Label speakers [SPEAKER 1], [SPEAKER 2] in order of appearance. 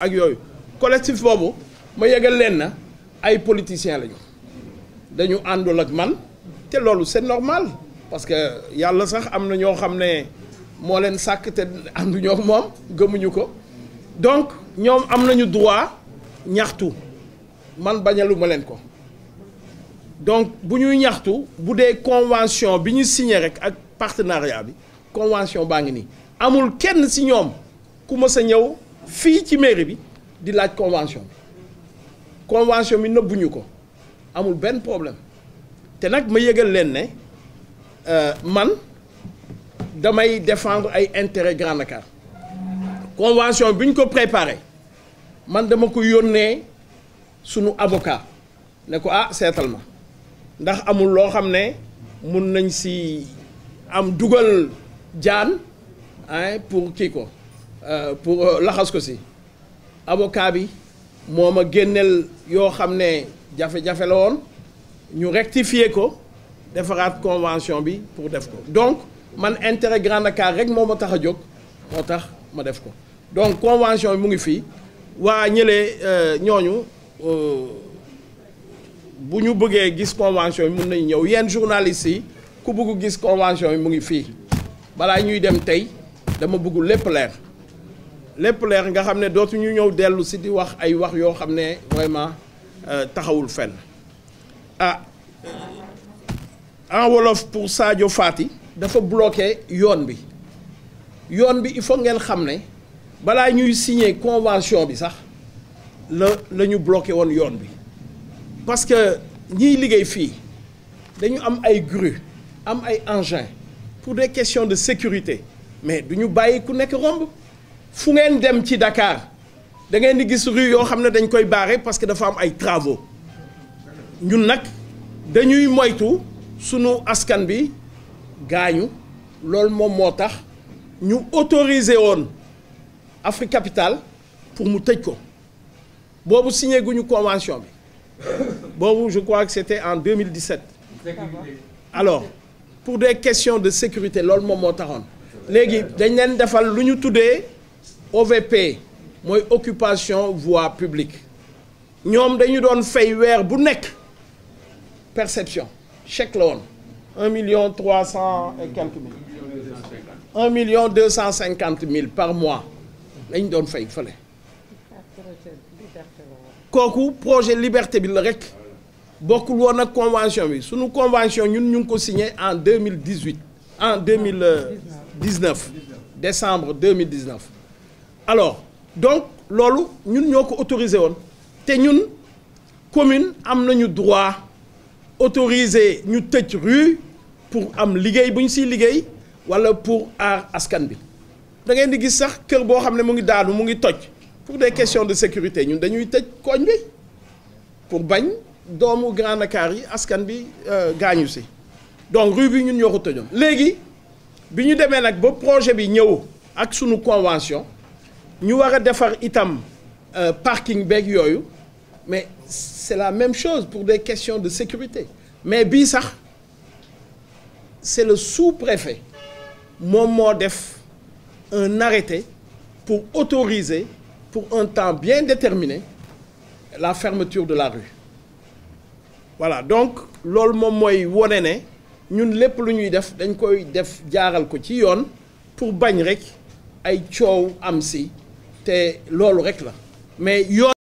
[SPEAKER 1] ak yooyu collectif boobu ma yëgal leen na ay politiciens lañu dañu àndul ak man te loolu c'est normal parce que yàlla sax am na ñoo xam ne moo leen sàkk te ànduñoo moom gëmuñu ko donc ñoom am nañu droit ñaxtu man bañaluma leen ko donc bu ñuy ñaxtu bu dee convention bi ñu signé rek ak partenariat bi convention baa ngi nii amul kenn ci ñoom ku mës a ñëw fii ci mairie bi di laaj convention bi convention bi nëbbuñu ko amul benn problème te nag ma yëgal leen ne euh, man damay défendre ay intérêt Grand Dakar convention bi ñu ko préparé man dama ko yónnee sunu avocat ne ko ah seetal ma ndax amul loo xam ne mun nañ si am dugal jaan pour kii ko Euh, pour euh, laxas ko si avocat bi moo ma génneel yoo xam ne jafe-jafe la woon ñu rectifier ko defaraat convention bi pour def ko donc man intérêt Grand rek moo ma tax a jóg moo tax ma def ko donc convention bi mu ngi fii waa ñëlee euh, ñooñu bu ñu bëggee gis convention bi mun nañu ñëw yenn journalistes yi ku bëgg gis convention yi mu ngi fii balaa ñuy dem tey dama bëgg lépp leer lépp leer nga xam ne dootuñu ñëw dellu si di wax ay wax yoo xam ne vraiment euh, taxawul fen ah en wolof pour Sadio faati dafa bloqué yoon bi yoon bi il faut ngeen xam ne balaa ñuy signe convention bi sax la la ñu bloqué woon yoon bi parce que ñiy liggéey fii dañu am ay grue am ay engin pour des question de sécurité mais ñu bàyyi ku nekk romb fu ngeen dem ci Dakar da ngeen di gis rue yoo xam ne dañ koy baare parce que dafa am ay travaux ñun nag dañuy moytu sunu askan bi gaañu loolu moom moo tax ñu autorisé woon Afrique capital pour mu tëj ko boobu signé guñu convention bi boobu je crois que c'était en 2017 alors pour des questions de sécurité loolu moom moo taxoon léegi dañ leen defal lu ñu tuddee OVP mooy occupation voie publique ñoom dañu doon fay weer bu nekk perception chèque la woon un million trois cent et million deux cent cinquante mille par mois lañ doon fay fale kooku projet liberté bi la rek bokkul woon ak convention bi sunu convention ñun ñu ngi ko signé en deux mille dix huit en deux mille dix neuf décembre deux mille dix neuf alors donc loolu ñun ñoo ko autorisé woon te ñun commune am nañu droit autorisé ñu tëj rue pour am liggéey bu ñu siy liggéey walla pour aar askan bi da ngeen di gis sax kër boo xam ne mu ngi daanu mu ngi toj pour des question de sécurité ñun dañuy tëj koñ bi pour bañ doomu Grand Dakar yi askan bi euh, gaañu si donc rue bi ñun ñoo ko tëjoon léegi bi ñu demee nag ba projet bi ñëw ak sunu convention ñu war a defar itam euh, parking beeg yooyu mais c'est la même chose pour des questions de sécurité mais bii sax c'est le sous-préfet moom moo def un arrêté pour autoriser pour un temps bien déterminé la fermeture de la rue voilà donc loolu moom mooy wone ne ñun lépp lu ñuy def dañ koy def jaaral ko ci yoon pour bañ rek ay coow am si te loolu rek la mais yoon